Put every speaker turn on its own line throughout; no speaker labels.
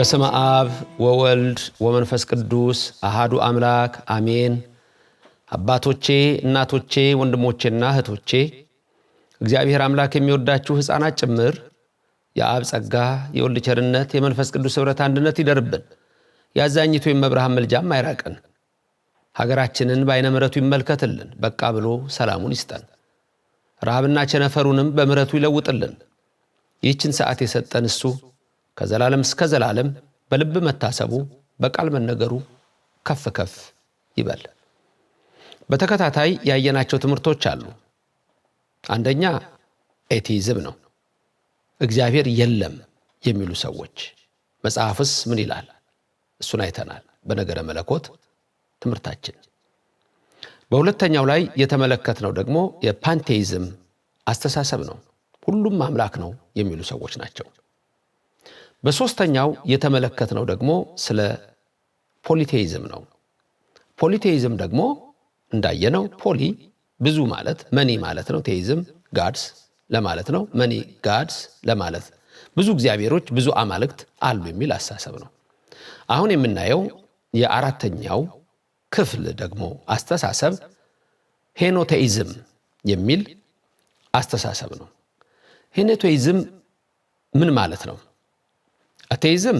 በስመ አብ ወወልድ ወመንፈስ ቅዱስ አሃዱ አምላክ አሜን። አባቶቼ፣ እናቶቼ፣ ወንድሞቼና እህቶቼ እግዚአብሔር አምላክ የሚወዳችሁ ሕፃናት ጭምር የአብ ጸጋ የወልድ ቸርነት የመንፈስ ቅዱስ ኅብረት አንድነት ይደርብን። የአዛኝቱ የመብርሃን ምልጃም አይራቅን። ሀገራችንን በአይነ ምረቱ ይመልከትልን። በቃ ብሎ ሰላሙን ይስጠን። ረሃብና ቸነፈሩንም በምረቱ ይለውጥልን። ይህችን ሰዓት የሰጠን እሱ ከዘላለም እስከ ዘላለም በልብ መታሰቡ በቃል መነገሩ ከፍ ከፍ ይበል። በተከታታይ ያየናቸው ትምህርቶች አሉ። አንደኛ ኤቲዝም ነው፣ እግዚአብሔር የለም የሚሉ ሰዎች መጽሐፍስ ምን ይላል? እሱን አይተናል በነገረ መለኮት ትምህርታችን። በሁለተኛው ላይ የተመለከትነው ደግሞ የፓንቴይዝም አስተሳሰብ ነው፣ ሁሉም አምላክ ነው የሚሉ ሰዎች ናቸው። በሦስተኛው የተመለከትነው ደግሞ ስለ ፖሊቴይዝም ነው። ፖሊቴይዝም ደግሞ እንዳየነው ፖሊ ብዙ ማለት መኒ ማለት ነው። ቴይዝም ጋድስ ለማለት ነው። መኒ ጋድስ ለማለት ብዙ እግዚአብሔሮች፣ ብዙ አማልክት አሉ የሚል አስተሳሰብ ነው። አሁን የምናየው የአራተኛው ክፍል ደግሞ አስተሳሰብ ሄኖቴይዝም የሚል አስተሳሰብ ነው። ሄኖቴይዝም ምን ማለት ነው? አቴይዝም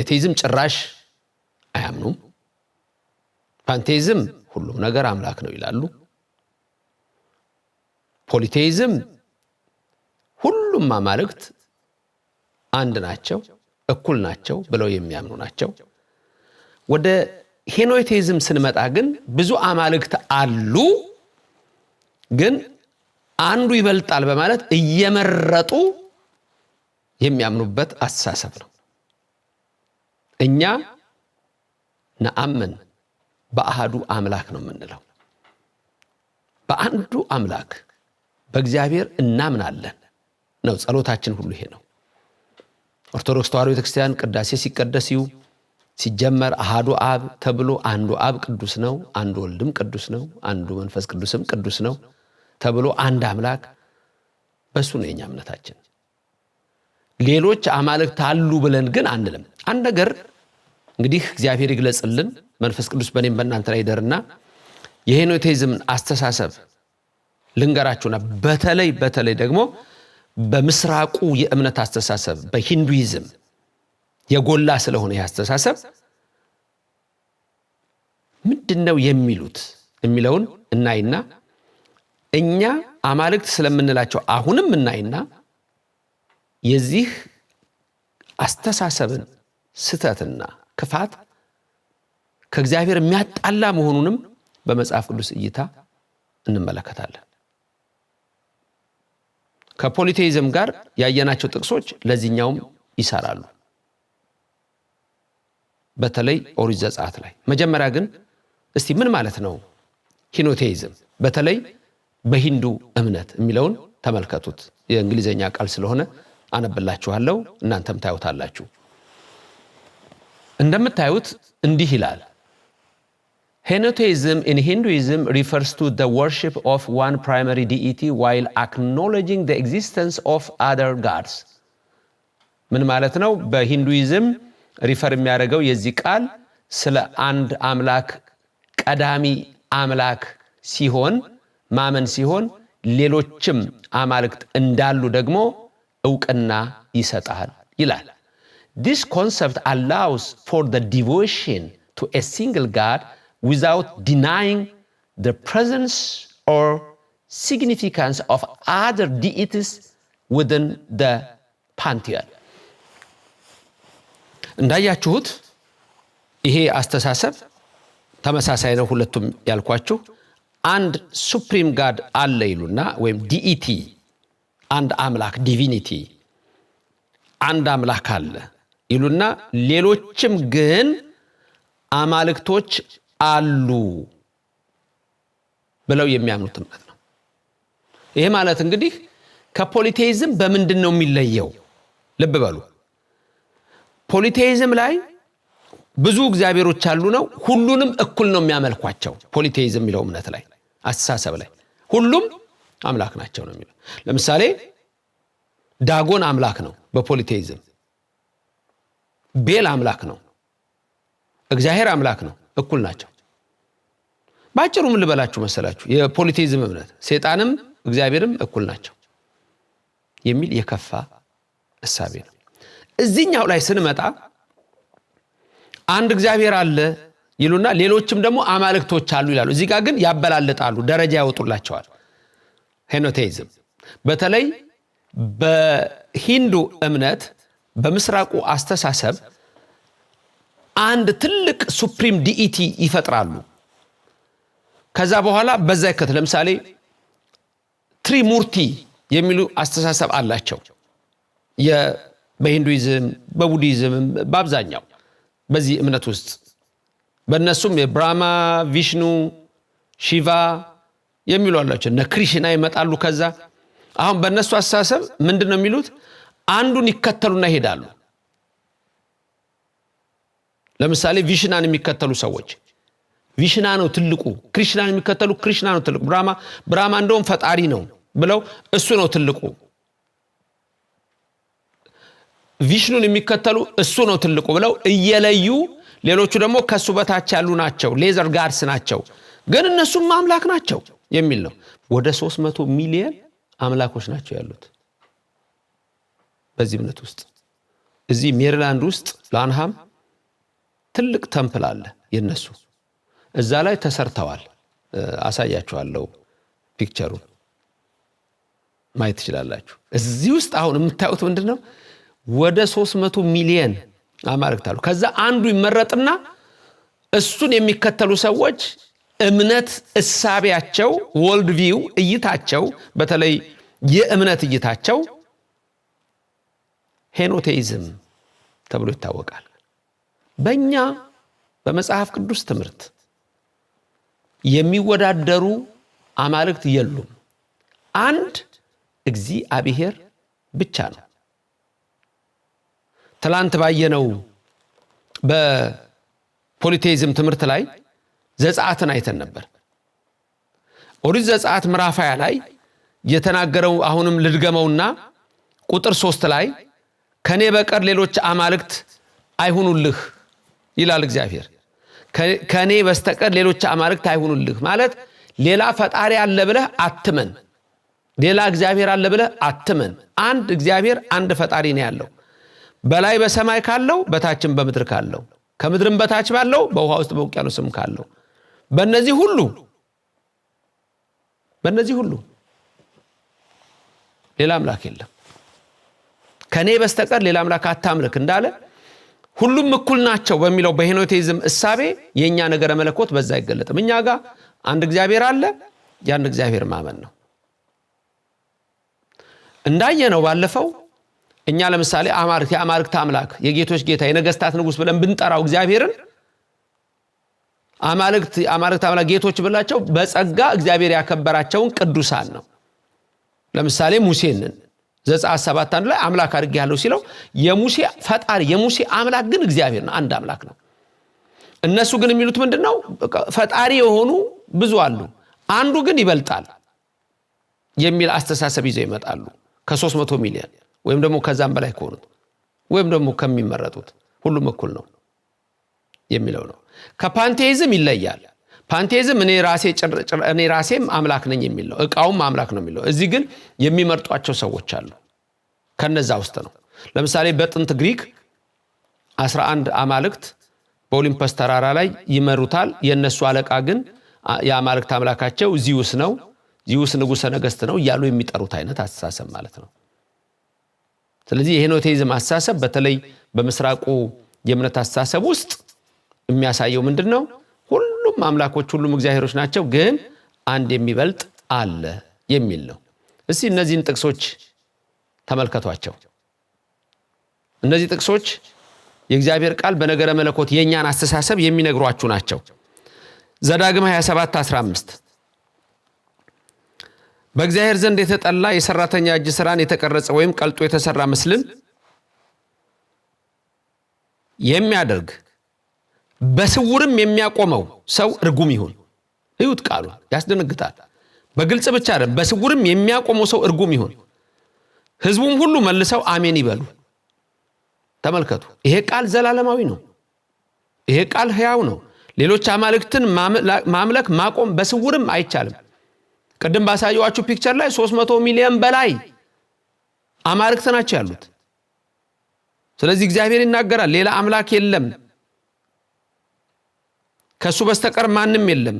አቴይዝም ጭራሽ አያምኑም። ፓንቴይዝም ሁሉም ነገር አምላክ ነው ይላሉ። ፖሊቴይዝም ሁሉም አማልክት አንድ ናቸው፣ እኩል ናቸው ብለው የሚያምኑ ናቸው። ወደ ሄኖቴይዝም ስንመጣ ግን ብዙ አማልክት አሉ፣ ግን አንዱ ይበልጣል በማለት እየመረጡ የሚያምኑበት አስተሳሰብ ነው። እኛ ነአምን በአሃዱ አምላክ ነው የምንለው። በአንዱ አምላክ በእግዚአብሔር እናምናለን ነው ጸሎታችን ሁሉ ይሄ ነው። ኦርቶዶክስ ተዋሕዶ ቤተክርስቲያን ቅዳሴ ሲቀደስ ይው ሲጀመር አሃዱ አብ ተብሎ አንዱ አብ ቅዱስ ነው፣ አንዱ ወልድም ቅዱስ ነው፣ አንዱ መንፈስ ቅዱስም ቅዱስ ነው ተብሎ አንድ አምላክ በእሱ ነው የኛ እምነታችን። ሌሎች አማልክት አሉ ብለን ግን አንልም። አንድ ነገር እንግዲህ እግዚአብሔር ይግለጽልን፣ መንፈስ ቅዱስ በእኔም በእናንተ ላይ ይደርና የሄኖቴዝምን አስተሳሰብ ልንገራችሁና በተለይ በተለይ ደግሞ በምስራቁ የእምነት አስተሳሰብ በሂንዱይዝም የጎላ ስለሆነ ይህ አስተሳሰብ ምንድን ነው የሚሉት የሚለውን እናይና እኛ አማልክት ስለምንላቸው አሁንም እናይና የዚህ አስተሳሰብን ስተትና ክፋት ከእግዚአብሔር የሚያጣላ መሆኑንም በመጽሐፍ ቅዱስ እይታ እንመለከታለን። ከፖሊቴይዝም ጋር ያየናቸው ጥቅሶች ለዚህኛውም ይሰራሉ። በተለይ ኦሪት ዘጸአት ላይ መጀመሪያ ግን እስቲ ምን ማለት ነው ሂኖቴይዝም በተለይ በሂንዱ እምነት የሚለውን ተመልከቱት። የእንግሊዝኛ ቃል ስለሆነ አነብላችኋለሁ፣ እናንተም ታዩታላችሁ። እንደምታዩት እንዲህ ይላል
ሄኖቴይዝም ኢን ሂንዱይዝም ሪፈርስ ቱ ዘ ወርሺፕ ኦፍ ዋን ፕራይማሪ ዲኢቲ ዋይል አክኖሎጂንግ ኤግዚስተንስ ኦፍ አደር ጋድስ። ምን ማለት ነው? በሂንዱይዝም ሪፈር የሚያደርገው የዚህ ቃል ስለ አንድ አምላክ ቀዳሚ አምላክ ሲሆን ማመን ሲሆን ሌሎችም አማልክት እንዳሉ ደግሞ እውቅና ይሰጣል ይላል። ዲስ ኮንሰፕት አላውስ ፎር ዘ ዲቮሽን ቱ ኤ ሲንግል ጋድ ዊዛውት ዲናይንግ ዘ ፕሬዘንስ ኦር ሲግኒፊካንስ ኦፍ አዘር ዲኢቲስ ውድን ዘ ፓንቲዮን። እንዳያችሁት ይሄ አስተሳሰብ ተመሳሳይ ነው። ሁለቱም ያልኳችሁ አንድ ሱፕሪም ጋድ አለ ይሉና ወይም ዲኢቲ አንድ አምላክ ዲቪኒቲ አንድ አምላክ አለ ይሉና ሌሎችም ግን አማልክቶች አሉ ብለው የሚያምኑት እምነት ነው። ይሄ ማለት እንግዲህ ከፖሊቴይዝም በምንድን ነው የሚለየው? ልብ በሉ። ፖሊቴይዝም ላይ ብዙ እግዚአብሔሮች አሉ ነው። ሁሉንም እኩል ነው የሚያመልኳቸው። ፖሊቴይዝም የሚለው እምነት ላይ አስተሳሰብ ላይ ሁሉም አምላክ ናቸው ነው የሚለው። ለምሳሌ ዳጎን አምላክ ነው በፖሊቴይዝም፣ ቤል አምላክ ነው፣ እግዚአብሔር አምላክ ነው፣ እኩል ናቸው። በአጭሩ ምን ልበላችሁ መሰላችሁ የፖሊቴይዝም እምነት ሴጣንም እግዚአብሔርም እኩል ናቸው የሚል የከፋ እሳቤ ነው። እዚኛው ላይ ስንመጣ አንድ እግዚአብሔር አለ ይሉና ሌሎችም ደግሞ አማልክቶች አሉ ይላሉ። እዚህ ጋር ግን ያበላልጣሉ፣ ደረጃ ያወጡላቸዋል። ሄኖቴይዝም በተለይ በሂንዱ እምነት በምስራቁ አስተሳሰብ አንድ ትልቅ ሱፕሪም ዲኢቲ ይፈጥራሉ። ከዛ በኋላ በዛ ይከት ለምሳሌ ትሪሙርቲ የሚሉ አስተሳሰብ አላቸው። በሂንዱይዝም በቡዲዝምም በአብዛኛው በዚህ እምነት ውስጥ በእነሱም የብራማ ቪሽኑ፣ ሺቫ የሚሉ አላቸው። እነ ክሪሽና ይመጣሉ። ከዛ አሁን በእነሱ አስተሳሰብ ምንድን ነው የሚሉት? አንዱን ይከተሉና ይሄዳሉ። ለምሳሌ ቪሽናን የሚከተሉ ሰዎች ቪሽና ነው ትልቁ፣ ክሪሽናን የሚከተሉ ክሪሽና ነው ትልቁ፣ ብራማ ብራማ እንደውም ፈጣሪ ነው ብለው እሱ ነው ትልቁ። ቪሽኑን የሚከተሉ እሱ ነው ትልቁ ብለው እየለዩ ሌሎቹ ደግሞ ከእሱ በታች ያሉ ናቸው፣ ሌዘር ጋርስ ናቸው። ግን እነሱም አምላክ ናቸው። የሚል ነው። ወደ 300 ሚሊየን አምላኮች ናቸው ያሉት በዚህ እምነት ውስጥ። እዚህ ሜሪላንድ ውስጥ ላንሃም ትልቅ ተምፕል አለ የነሱ። እዛ ላይ ተሰርተዋል። አሳያችኋለሁ፣ ፒክቸሩን ማየት ትችላላችሁ። እዚህ ውስጥ አሁን የምታዩት ምንድን ነው? ወደ 300 ሚሊየን አማልክት አሉ። ከዛ አንዱ ይመረጥና እሱን የሚከተሉ ሰዎች እምነት እሳቢያቸው ወርልድ ቪው እይታቸው በተለይ የእምነት እይታቸው ሄኖቴይዝም ተብሎ ይታወቃል። በእኛ በመጽሐፍ ቅዱስ ትምህርት የሚወዳደሩ አማልክት የሉም። አንድ እግዚአብሔር ብቻ ነው። ትላንት ባየነው በፖሊቴይዝም ትምህርት ላይ ዘጻአትን አይተን ነበር። ኦሪት ዘጻአት ምዕራፍ ሃያ ላይ የተናገረው አሁንም ልድገመውና ቁጥር ሶስት ላይ ከእኔ በቀር ሌሎች አማልክት አይሁኑልህ ይላል እግዚአብሔር። ከእኔ በስተቀር ሌሎች አማልክት አይሁኑልህ ማለት ሌላ ፈጣሪ አለ ብለህ አትመን፣ ሌላ እግዚአብሔር አለ ብለህ አትመን። አንድ እግዚአብሔር አንድ ፈጣሪ ነው ያለው በላይ በሰማይ ካለው በታችም በምድር ካለው ከምድርም በታች ባለው በውሃ ውስጥ በውቅያኖስም ካለው በእነዚህ ሁሉ በእነዚህ ሁሉ ሌላ አምላክ የለም፣ ከእኔ በስተቀር ሌላ አምላክ አታምልክ እንዳለ ሁሉም እኩል ናቸው በሚለው በሄኖቴዝም እሳቤ የእኛ ነገረ መለኮት በዛ አይገለጥም። እኛ ጋር አንድ እግዚአብሔር አለ። የአንድ እግዚአብሔር ማመን ነው። ነው ባለፈው እኛ ለምሳሌ አማልክት፣ የአማልክት አምላክ፣ የጌቶች ጌታ፣ የነገስታት ንጉስ ብለን ብንጠራው እግዚአብሔርን አማልክት አማልክት አምላክ ጌቶች ብላቸው በጸጋ እግዚአብሔር ያከበራቸውን ቅዱሳን ነው። ለምሳሌ ሙሴንን ዘጸአት ሰባት አንድ ላይ አምላክ ያለው ሲለው የሙሴ ፈጣሪ የሙሴ አምላክ ግን እግዚአብሔር ነው፣ አንድ አምላክ ነው። እነሱ ግን የሚሉት ምንድን ነው? ፈጣሪ የሆኑ ብዙ አሉ፣ አንዱ ግን ይበልጣል የሚል አስተሳሰብ ይዘው ይመጣሉ። ከ መቶ ሚሊዮን ወይም ደግሞ ከዛም በላይ ከሆኑት ወይም ደግሞ ከሚመረጡት ሁሉም እኩል ነው የሚለው ነው። ከፓንቴይዝም ይለያል። ፓንቴዝም እኔ ራሴም አምላክ ነኝ የሚል ነው። እቃውም አምላክ ነው የሚለው። እዚህ ግን የሚመርጧቸው ሰዎች አሉ። ከነዛ ውስጥ ነው። ለምሳሌ በጥንት ግሪክ 11 አማልክት በኦሊምፐስ ተራራ ላይ ይመሩታል። የእነሱ አለቃ ግን የአማልክት አምላካቸው ዚውስ ነው። ዚውስ ንጉሰ ነገስት ነው እያሉ የሚጠሩት አይነት አስተሳሰብ ማለት ነው። ስለዚህ የሄኖቴዝም አስተሳሰብ በተለይ በምስራቁ የእምነት አስተሳሰብ ውስጥ የሚያሳየው ምንድን ነው? ሁሉም አምላኮች ሁሉም እግዚአብሔሮች ናቸው፣ ግን አንድ የሚበልጥ አለ የሚል ነው። እስቲ እነዚህን ጥቅሶች ተመልከቷቸው። እነዚህ ጥቅሶች የእግዚአብሔር ቃል በነገረ መለኮት የእኛን አስተሳሰብ የሚነግሯችሁ ናቸው። ዘዳግም 27 15 በእግዚአብሔር ዘንድ የተጠላ የሰራተኛ እጅ ስራን የተቀረጸ ወይም ቀልጦ የተሰራ ምስልን የሚያደርግ በስውርም የሚያቆመው ሰው እርጉም ይሁን። እዩት፣ ቃሉ ያስደነግጣል። በግልጽ ብቻ አይደለም፣ በስውርም የሚያቆመው ሰው እርጉም ይሁን። ህዝቡም ሁሉ መልሰው አሜን ይበሉ። ተመልከቱ፣ ይሄ ቃል ዘላለማዊ ነው። ይሄ ቃል ህያው ነው። ሌሎች አማልክትን ማምለክ ማቆም በስውርም አይቻልም። ቅድም ባሳየዋችሁ ፒክቸር ላይ 300 ሚሊዮን በላይ አማልክት ናቸው ያሉት። ስለዚህ እግዚአብሔር ይናገራል፣ ሌላ አምላክ የለም ከእሱ በስተቀር ማንም የለም።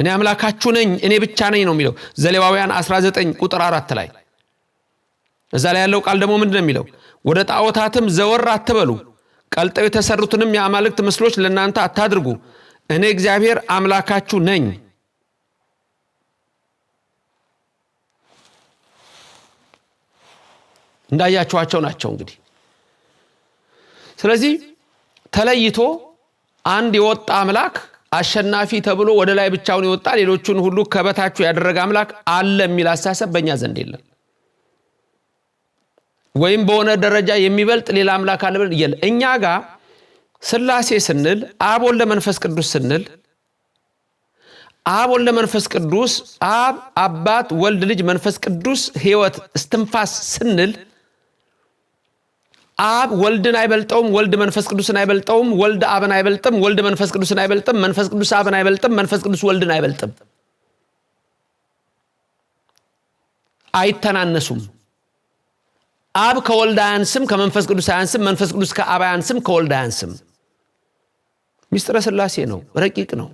እኔ አምላካችሁ ነኝ፣ እኔ ብቻ ነኝ ነው የሚለው ዘሌዋውያን 19 ቁጥር አራት ላይ እዛ ላይ ያለው ቃል ደግሞ ምንድን ነው የሚለው? ወደ ጣዖታትም ዘወር አትበሉ፣ ቀልጠው የተሰሩትንም የአማልክት ምስሎች ለእናንተ አታድርጉ፣ እኔ እግዚአብሔር አምላካችሁ ነኝ። እንዳያችኋቸው ናቸው እንግዲህ ስለዚህ ተለይቶ አንድ የወጣ አምላክ አሸናፊ ተብሎ ወደ ላይ ብቻውን የወጣ ሌሎቹን ሁሉ ከበታችሁ ያደረገ አምላክ አለ የሚል አስተሳሰብ በእኛ ዘንድ የለም። ወይም በሆነ ደረጃ የሚበልጥ ሌላ አምላክ አለ ብለን የለ። እኛ ጋ ስላሴ ስንል አብ ወልደ መንፈስ ቅዱስ ስንል አብ ወልደ መንፈስ ቅዱስ አብ አባት፣ ወልድ፣ ልጅ መንፈስ ቅዱስ ህይወት እስትንፋስ ስንል አብ ወልድን አይበልጠውም፣ ወልድ መንፈስ ቅዱስን አይበልጠውም፣ ወልድ አብን አይበልጥም፣ ወልድ መንፈስ ቅዱስን አይበልጥም፣ መንፈስ ቅዱስ አብን አይበልጥም፣ መንፈስ ቅዱስ ወልድን አይበልጥም። አይተናነሱም። አብ ከወልድ አያንስም፣ ከመንፈስ ቅዱስ አያንስም፣ መንፈስ ቅዱስ ከአብ አያንስም፣ ከወልድ አያንስም። ሚስጥረ ስላሴ ነው፣ ረቂቅ ነው።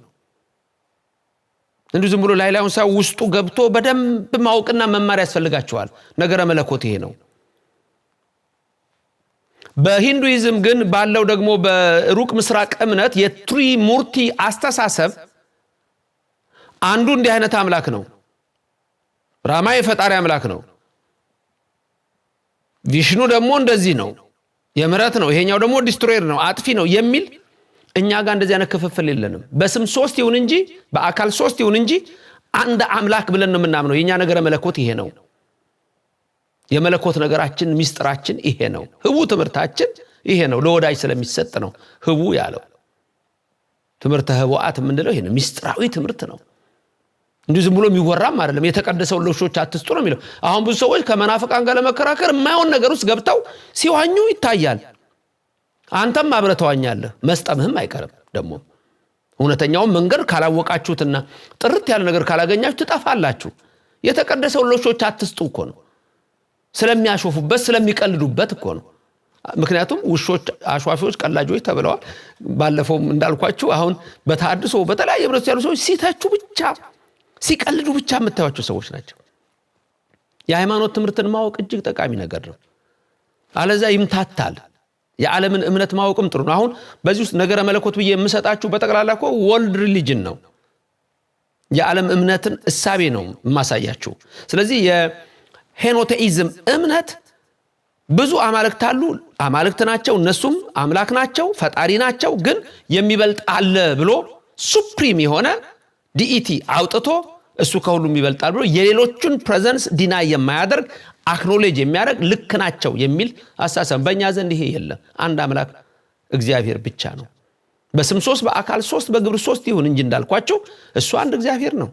እንዲሁ ዝም ብሎ ላይ ላዩን ሳይሆን ውስጡ ገብቶ በደንብ ማወቅና መማር ያስፈልጋቸዋል። ነገረ መለኮት ይሄ ነው። በሂንዱይዝም ግን ባለው ደግሞ በሩቅ ምስራቅ እምነት ሙርቲ አስተሳሰብ አንዱ እንዲህ አይነት አምላክ ነው። ራማ የፈጣሪ አምላክ ነው። ቪሽኑ ደግሞ እንደዚህ ነው፣ የምረት ነው። ይሄኛው ደግሞ ዲስትሮየር ነው፣ አጥፊ ነው የሚል እኛ ጋር እንደዚህ አይነት ክፍፍል የለንም። በስም ሶስት ይሁን እንጂ በአካል ሶስት ይሁን እንጂ አንድ አምላክ ብለን ነው የምናምነው። የእኛ ነገረ መለኮት ይሄ ነው። የመለኮት ነገራችን ሚስጥራችን ይሄ ነው። ህቡ ትምህርታችን ይሄ ነው። ለወዳጅ ስለሚሰጥ ነው ህቡ ያለው። ትምህርተ ህቡአት የምንለው ይሄ ሚስጥራዊ ትምህርት ነው። እንዲሁ ዝም ብሎ የሚወራም አይደለም። የተቀደሰውን ለውሾች አትስጡ ነው የሚለው። አሁን ብዙ ሰዎች ከመናፍቃን ጋር ለመከራከር የማይሆን ነገር ውስጥ ገብተው ሲዋኙ ይታያል። አንተም አብረህ ተዋኛለህ፣ መስጠምህም አይቀርም ደግሞ እውነተኛውን መንገድ ካላወቃችሁትና ጥርት ያለ ነገር ካላገኛችሁ ትጠፋላችሁ። የተቀደሰውን ለውሾች አትስጡ እኮ ነው። ስለሚያሾፉበት ስለሚቀልዱበት እኮ ነው። ምክንያቱም ውሾች፣ አሿፊዎች፣ ቀላጆች ተብለዋል። ባለፈውም እንዳልኳችሁ አሁን በታድሶ በተለያየ ህብረት ያሉ ሰዎች ሲተቹ ብቻ ሲቀልዱ ብቻ የምታዩቸው ሰዎች ናቸው። የሃይማኖት ትምህርትን ማወቅ እጅግ ጠቃሚ ነገር ነው። አለዛ ይምታታል። የዓለምን እምነት ማወቅም ጥሩ ነው። አሁን በዚህ ውስጥ ነገረ መለኮት ብዬ የምሰጣችሁ በጠቅላላ እኮ ወልድ ሪሊጅን ነው። የዓለም እምነትን እሳቤ ነው የማሳያችሁ። ስለዚህ ሄኖቴኢዝም እምነት ብዙ አማልክት አሉ፣ አማልክት ናቸው፣ እነሱም አምላክ ናቸው፣ ፈጣሪ ናቸው። ግን የሚበልጥ አለ ብሎ ሱፕሪም የሆነ ዲኢቲ አውጥቶ እሱ ከሁሉም ይበልጣል ብሎ የሌሎቹን ፕሬዘንስ ዲናይ የማያደርግ አክኖሌጅ የሚያደርግ ልክ ናቸው የሚል አሳሰብ በእኛ ዘንድ ይሄ የለም። አንድ አምላክ እግዚአብሔር ብቻ ነው። በስም ሶስት፣ በአካል ሶስት፣ በግብር ሶስት ይሁን እንጂ እንዳልኳቸው እሱ አንድ እግዚአብሔር ነው።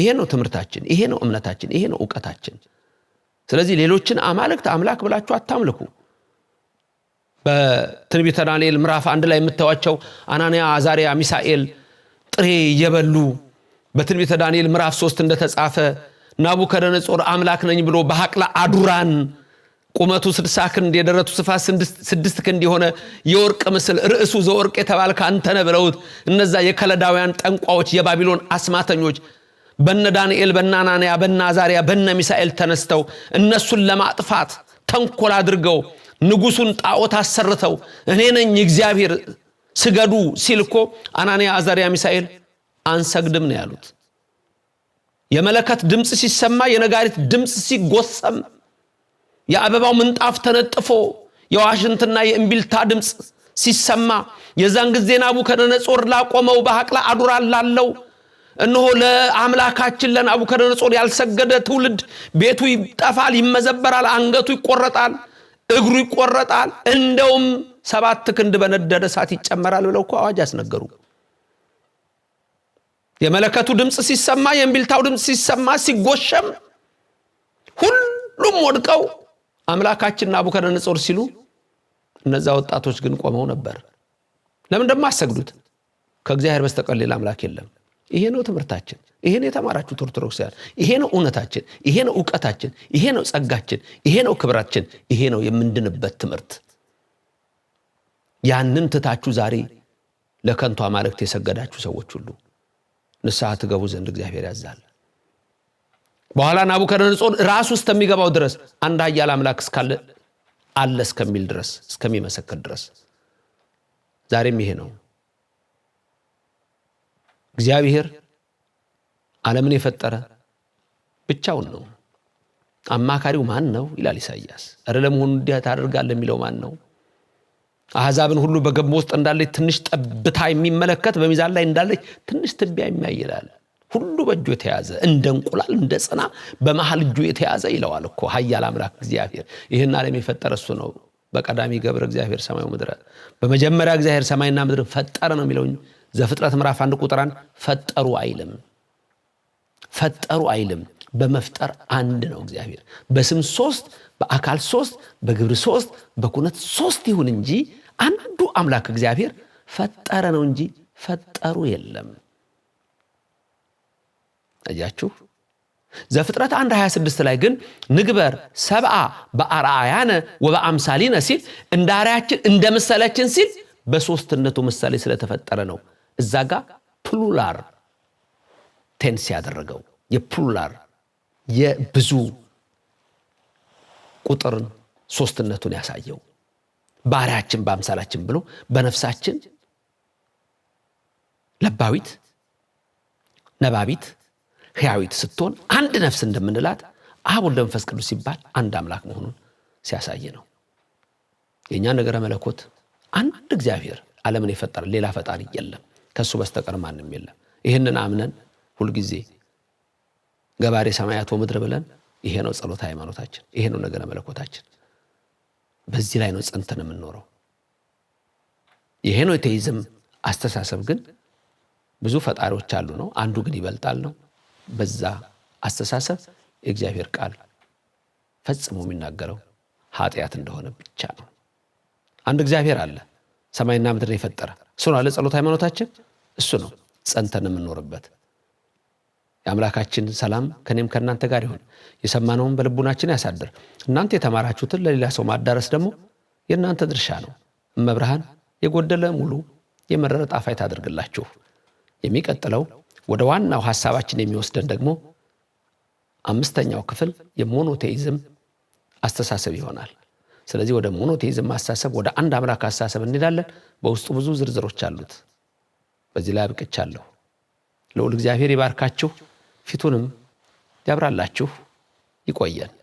ይሄ ነው ትምህርታችን፣ ይሄ ነው እምነታችን፣ ይሄ ነው እውቀታችን። ስለዚህ ሌሎችን አማልክት አምላክ ብላችሁ አታምልኩ። በትንቢተ ዳንኤል ምዕራፍ አንድ ላይ የምታዩቸው አናንያ፣ አዛሪያ፣ ሚሳኤል ጥሬ እየበሉ በትንቢተ ዳንኤል ምዕራፍ ሶስት እንደተጻፈ ናቡከደነጾር አምላክ ነኝ ብሎ በሐቅላ አዱራን ቁመቱ ስድሳ ክንድ የደረቱ ስፋት ስድስት ክንድ የሆነ የወርቅ ምስል ርዕሱ ዘወርቅ የተባልከ አንተነ ብለውት እነዛ የከለዳውያን ጠንቋዎች፣ የባቢሎን አስማተኞች በነ ዳንኤል፣ በነ አናንያ፣ በነ አዛሪያ፣ በነ ሚሳኤል ተነስተው እነሱን ለማጥፋት ተንኮል አድርገው ንጉሱን ጣዖት አሰርተው እኔ ነኝ እግዚአብሔር ስገዱ ሲልኮ አናንያ፣ አዛሪያ፣ ሚሳኤል አንሰግድም ነው ያሉት። የመለከት ድምፅ ሲሰማ፣ የነጋሪት ድምፅ ሲጎሰም፣ የአበባው ምንጣፍ ተነጥፎ የዋሽንትና የእምቢልታ ድምፅ ሲሰማ የዛን ጊዜ ናቡከደነጾር ላቆመው በሐቅላ አዱራ ላለው እነሆ ለአምላካችን ለናቡከደነጾር ያልሰገደ ትውልድ ቤቱ ይጠፋል፣ ይመዘበራል፣ አንገቱ ይቆረጣል፣ እግሩ ይቆረጣል፣ እንደውም ሰባት ክንድ በነደደ እሳት ይጨመራል ብለው እኮ አዋጅ አስነገሩ። የመለከቱ ድምፅ ሲሰማ፣ የእምቢልታው ድምፅ ሲሰማ፣ ሲጎሸም ሁሉም ወድቀው አምላካችን ናቡከደነጾር ሲሉ እነዛ ወጣቶች ግን ቆመው ነበር። ለምን ደግሞ አሰግዱት? ከእግዚአብሔር በስተቀር ሌላ አምላክ የለም። ይሄ ነው ትምህርታችን። ይሄ ነው የተማራችሁት ኦርቶዶክሳውያን። ይሄ ነው እውነታችን፣ ይሄ ነው እውቀታችን፣ ይሄ ነው ጸጋችን፣ ይሄ ነው ክብራችን፣ ይሄ ነው የምንድንበት ትምህርት። ያንን ትታችሁ ዛሬ ለከንቱ አማልክት የሰገዳችሁ ሰዎች ሁሉ ንስሐ ትገቡ ዘንድ እግዚአብሔር ያዛል። በኋላ ናቡከደነጾር ራሱ እስከሚገባው ድረስ አንድ ኃያል አምላክ እስካለ አለ እስከሚል ድረስ እስከሚመሰክር ድረስ ዛሬም ይሄ ነው። እግዚአብሔር ዓለምን የፈጠረ ብቻውን ነው። አማካሪው ማን ነው ይላል ኢሳይያስ። እረ ለመሆኑ እንዲህ ታደርጋለህ የሚለው ማን ነው? አሕዛብን ሁሉ በገብ ውስጥ እንዳለች ትንሽ ጠብታ የሚመለከት በሚዛን ላይ እንዳለች ትንሽ ትቢያ የሚያይላል ሁሉ በእጁ የተያዘ እንደ እንቁላል እንደ ጽና በመሃል እጁ የተያዘ ይለዋል እኮ ኃያል አምላክ እግዚአብሔር። ይህን ዓለም የፈጠረ እሱ ነው። በቀዳሚ ገብረ እግዚአብሔር ሰማዩ ምድረ፣ በመጀመሪያ እግዚአብሔር ሰማይና ምድር ፈጠረ ነው የሚለው ዘፍጥረት ምዕራፍ አንድ ቁጥራን ፈጠሩ አይልም። ፈጠሩ አይልም። በመፍጠር አንድ ነው እግዚአብሔር። በስም ሶስት፣ በአካል ሶስት፣ በግብር ሶስት፣ በኩነት ሶስት ይሁን እንጂ አንዱ አምላክ እግዚአብሔር ፈጠረ ነው እንጂ ፈጠሩ የለም። እያችሁ ዘፍጥረት አንድ 26 ላይ ግን ንግበር ሰብአ በአርአያነ ወበአምሳሊነ ሲል እንደ አርአያችን እንደ ምሳሌያችን ሲል በሶስትነቱ ምሳሌ ስለተፈጠረ ነው። እዛ ጋ ፕሉላር ቴንስ ያደረገው የፕሉላር የብዙ ቁጥርን ሶስትነቱን ያሳየው ባህሪያችን በአምሳላችን ብሎ በነፍሳችን ለባዊት፣ ነባቢት፣ ህያዊት ስትሆን አንድ ነፍስ እንደምንላት አብ ወልድ መንፈስ ቅዱስ ሲባል አንድ አምላክ መሆኑን ሲያሳይ ነው። የእኛ ነገረ መለኮት አንድ እግዚአብሔር ዓለምን የፈጠረ ሌላ ፈጣሪ የለም። ከሱ በስተቀር ማንም የለም። ይህንን አምነን ሁልጊዜ ገባሬ ሰማያት ወምድር ብለን ይሄ ነው ጸሎት ሃይማኖታችን፣ ይሄ ነው ነገረ መለኮታችን። በዚህ ላይ ነው ጸንተን የምንኖረው። የተይዝም አስተሳሰብ ግን ብዙ ፈጣሪዎች አሉ ነው፣ አንዱ ግን ይበልጣል ነው። በዛ አስተሳሰብ የእግዚአብሔር ቃል ፈጽሞ የሚናገረው ኃጢአት እንደሆነ ብቻ ነው። አንድ እግዚአብሔር አለ ሰማይና ምድርን የፈጠረ እሱ ነው አለ ጸሎት ሃይማኖታችን እሱ ነው ጸንተን የምንኖርበት። የአምላካችን ሰላም ከኔም ከእናንተ ጋር ይሁን። የሰማነውን በልቡናችን ያሳድር። እናንተ የተማራችሁትን ለሌላ ሰው ማዳረስ ደግሞ የእናንተ ድርሻ ነው። እመብርሃን የጎደለ ሙሉ፣ የመረረ ጣፋይ ታደርግላችሁ። የሚቀጥለው ወደ ዋናው ሐሳባችን የሚወስደን ደግሞ አምስተኛው ክፍል የሞኖቴይዝም አስተሳሰብ ይሆናል። ስለዚህ ወደ ሞኖቴዝም አስተሳሰብ ወደ አንድ አምላክ አስተሳሰብ እንሄዳለን። በውስጡ ብዙ ዝርዝሮች አሉት። በዚህ ላይ አብቅቻለሁ። ልዑል እግዚአብሔር ይባርካችሁ፣ ፊቱንም ያብራላችሁ፣ ይቆየን።